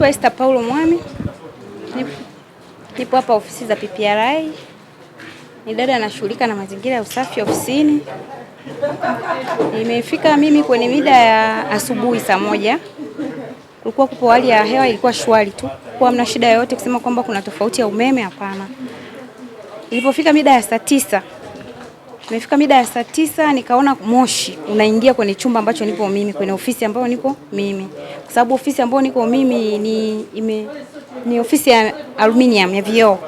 Naitwa Esther Paulo Mwami, nipo hapa ofisi za ppri ni dada anashughulika na mazingira ya usafi ofisini. Nimefika mimi kwenye mida ya asubuhi saa moja. Kulikuwa kupo hali ya hewa ilikuwa shwari tu, kwa mna shida yoyote kusema kwamba kuna tofauti ya umeme, hapana. ilipofika mida ya saa tisa Nimefika mida ya saa tisa nikaona moshi unaingia kwenye chumba ambacho nipo mimi, kwenye ofisi ambayo niko mimi, kwa sababu ofisi ambayo niko mimi ni, ime, ni ofisi ya aluminium ya vioo.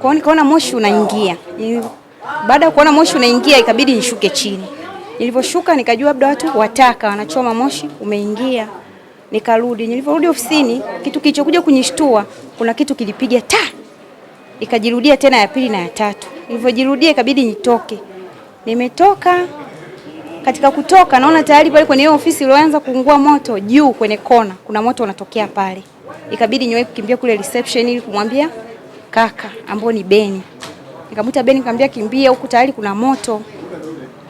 Kwa hiyo nikaona moshi unaingia. Baada ya kuona moshi unaingia, ikabidi nishuke chini. Nilivyoshuka nikajua labda watu wataka wanachoma moshi umeingia, nikarudi. Nilivyorudi ofisini, kitu kilichokuja kunishtua, kuna kitu kilipiga ta, ikajirudia tena ya pili na ya tatu. Nilivyojirudia ikabidi nitoke, nimetoka. Katika kutoka, naona tayari pale kwenye hiyo ofisi ilianza kuungua moto juu kwenye kona, kuna moto unatokea pale, ikabidi niwahi kukimbia kule reception ili kumwambia kaka ambao ni Beni, Nikamuita Beni, nikamwambia kimbia huku tayari kuna moto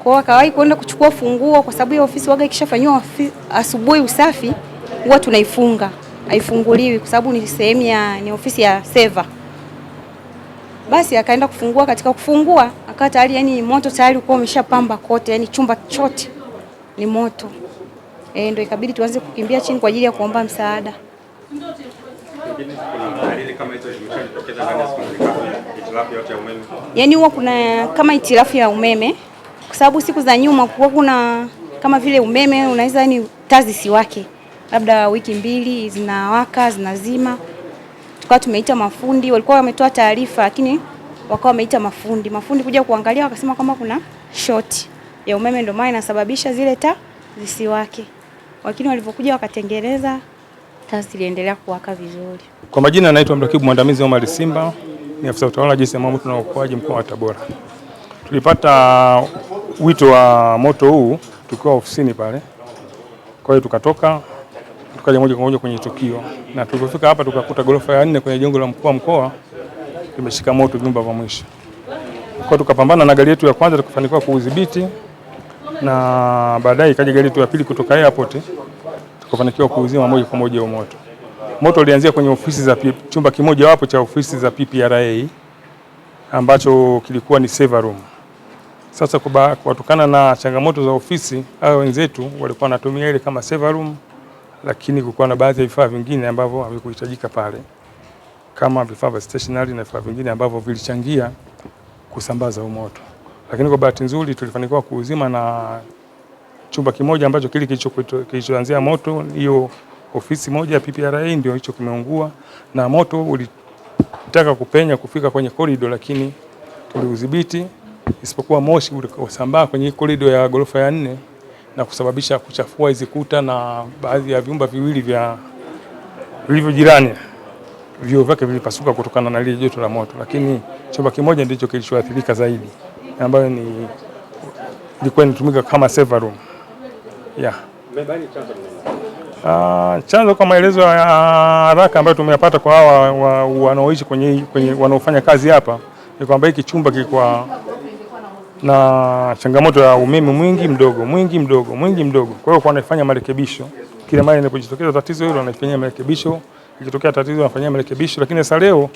Kwa hiyo Akawahi kwenda kuchukua funguo, kwa sababu hiyo ofisi waga ikishafanywa asubuhi usafi huwa tunaifunga, haifunguliwi kwa sababu ni sehemu ya ni ofisi ya seva basi akaenda kufungua, katika kufungua akawa tayari yani moto tayari ulikuwa umeshapamba kote, yani chumba chote ni moto. E, ndio ikabidi tuanze kukimbia chini kwa ajili ya kuomba msaada. Yaani huwa kuna kama itilafu ya umeme, kwa sababu siku za nyuma kulikuwa kuna kama vile umeme unaweza yani tazi wake, labda wiki mbili zinawaka zinazima tukawa tumeita mafundi, walikuwa wametoa taarifa, lakini wakawa wameita mafundi. Mafundi kuja kuangalia, wakasema kama kuna shoti ya umeme, ndio maana inasababisha zile taa zisiwake. Lakini walipokuja wakatengeneza taa, ziliendelea kuwaka vizuri. Kwa majina, anaitwa mrakibu mwandamizi Omar Simba, ni afisa utawala jinsi ya mambo na uokoaji mkoa wa Tabora. Tulipata wito wa moto huu tukiwa ofisini pale, kwa hiyo tukatoka tukaja moja kwa moja kwenye tukio, na tulipofika hapa tukakuta gorofa ya nne kwenye jengo la mkuu wa mkoa limeshika moto vyumba vya mwisho. Kwa tukapambana na gari yetu ya kwanza tukafanikiwa kuudhibiti, na baadaye ikaja gari yetu ya pili kutoka airport tukafanikiwa kuuzima moja kwa moja moto. Moto ulianzia kwenye ofisi za chumba kimoja wapo cha ofisi za PPRA ambacho kilikuwa ni server room. Sasa kwa kutokana na changamoto za ofisi, hao wenzetu walikuwa wanatumia ile kama server room lakini kulikuwa na baadhi ya vifaa vingine ambavyo havikuhitajika pale kama vifaa vya stationary na vifaa vingine ambavyo vilichangia kusambaza huo moto. Lakini kwa bahati nzuri tulifanikiwa kuuzima na chumba kimoja ambacho kile kilichoanzia moto, hiyo ofisi moja ya PPRA ndio hicho kimeungua, na moto ulitaka kupenya kufika kwenye korido, lakini tuliudhibiti, isipokuwa moshi ulikosambaa kwenye korido ya ghorofa ya nne na kusababisha kuchafua hizi kuta na baadhi ya vyumba viwili vya vilivyo jirani vioo vyake vilipasuka kutokana na lile joto la moto, lakini chumba kimoja ndicho kilichoathirika zaidi, ambayo ni ilikuwa inatumika kama server room yeah. Uh, chanzo kwa maelezo ya haraka ambayo tumeyapata kwa hawa wanaoishi kwenye, kwenye wanaofanya kazi hapa ni kwamba hiki chumba kilikuwa na changamoto ya umeme mwingi mdogo, mwingi mdogo, mwingi mdogo. Kwa hiyo kwa anafanya marekebisho kila mara inapojitokeza tatizo hilo, anafanyia marekebisho, ikitokea tatizo anafanyia marekebisho. Lakini sasa leo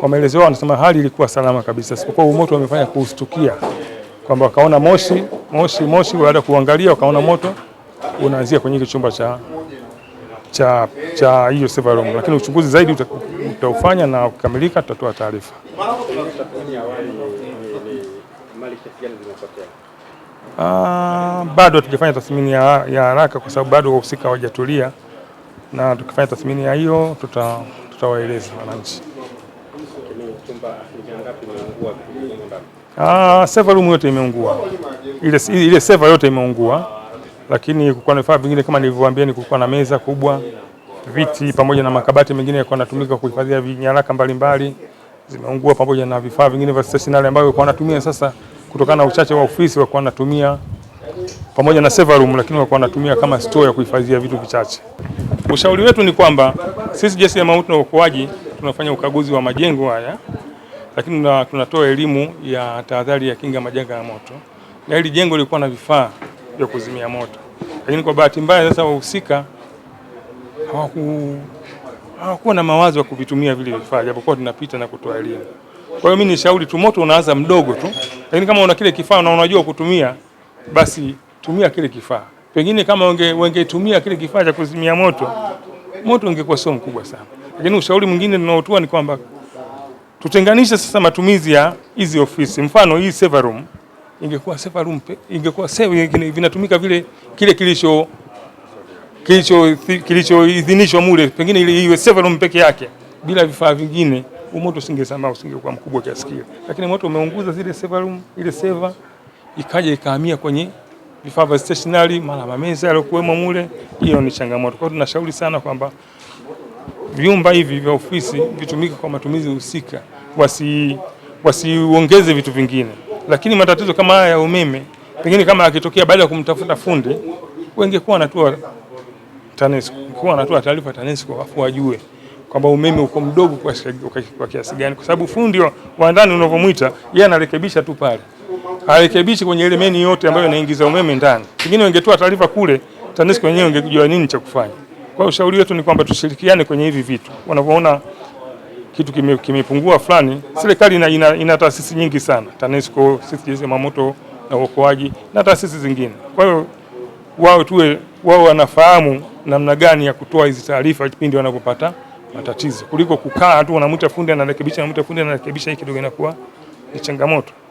kwa maelezo yao wanasema hali ilikuwa salama kabisa, sipokuwa moto wamefanya kuustukia kwamba wakaona moshi moshi moshi, baada ya kuangalia wakaona moto unaanzia kwenye chumba cha cha cha hiyo server room, lakini uchunguzi zaidi utaufanya na ukikamilika tutatoa taarifa mali kiasi gani zimepotea? Ah, bado hatujafanya tathmini ya ya haraka kwa sababu bado wahusika hawajatulia, na tukifanya tathmini ya hiyo tuta tutawaeleza wananchi. Ah, seva room yote imeungua, ile, ile seva yote imeungua, lakini kulikuwa na vifaa vingine kama nilivyowaambia, ni kulikuwa na meza kubwa, viti pamoja na makabati mengine yalikuwa yanatumika kuhifadhia nyaraka mbalimbali, zimeungua pamoja na vifaa vingine vya stationery ambavyo kwa wanatumia sasa kutokana na uchache wa ofisi walikuwa natumia pamoja na server room, lakini walikuwa wanatumia kama store ya kuhifadhia vitu vichache. Ushauri wetu ni kwamba sisi jeshi la zimamoto na uokoaji tunafanya ukaguzi wa majengo haya, lakini tunatoa elimu ya tahadhari ya kinga majanga ya moto, na hili jengo lilikuwa na vifaa vya kuzimia moto, lakini kwa bahati mbaya sasa wahusika hawakuwa na mawazo ya kuvitumia vile vifaa, japokuwa tunapita na kutoa elimu. Kwa hiyo mimi ni shauri tu, moto unaanza mdogo tu, lakini kama una kile kifaa na unajua kutumia, basi tumia kile kifaa. Pengine kama wangetumia kile kifaa cha kuzimia moto, moto ungekuwa sio mkubwa sana. Lakini ushauri mwingine ninaotoa ni kwamba tutenganishe sasa matumizi ya hizi ofisi, mfano hii server room ingekuwa server room, ingekuwa server vinatumika vile kile kilicho kilichoidhinishwa kilicho mule, pengine ile iwe server room peke yake bila vifaa vingine moto usingesambaa, usingekuwa mkubwa kiasi kile, lakini moto umeunguza zile server room, ile server ikaja ikahamia kwenye vifaa vya stationary, mara mameza yaliokuwemo mule. Hiyo ni changamoto. Kwa hiyo tunashauri sana kwamba vyumba hivi vya ofisi vitumike kwa matumizi husika, wasi wasiongeze vitu vingine. Lakini matatizo kama haya ya umeme, pengine kama akitokea baada ya kumtafuta fundi, wengekuwa wanatoa TANESCO, kuwa wanatoa taarifa TANESCO afu wajue kwamba umeme uko mdogo kwa kiasi gani, kwa sababu fundi wa ndani unavyomwita yeye anarekebisha tu pale, arekebishi kwenye ile meni yote ambayo inaingiza umeme ndani. Pengine wangetoa taarifa kule, TANESCO wenyewe ungejua nini cha kufanya. Kwa ushauri wetu ni kwamba tushirikiane kwenye hivi vitu, wanavyoona kitu kimepungua kime fulani. Serikali ina, ina, ina taasisi nyingi sana, TANESCO, zimamoto na uokoaji na taasisi zingine. Kwa hiyo wao tuwe wao wanafahamu namna gani ya kutoa hizi taarifa kipindi wanapopata matatizo kuliko kukaa tu, wanamwita fundi anarekebisha, unamwita fundi anarekebisha, hii kidogo inakuwa ni changamoto.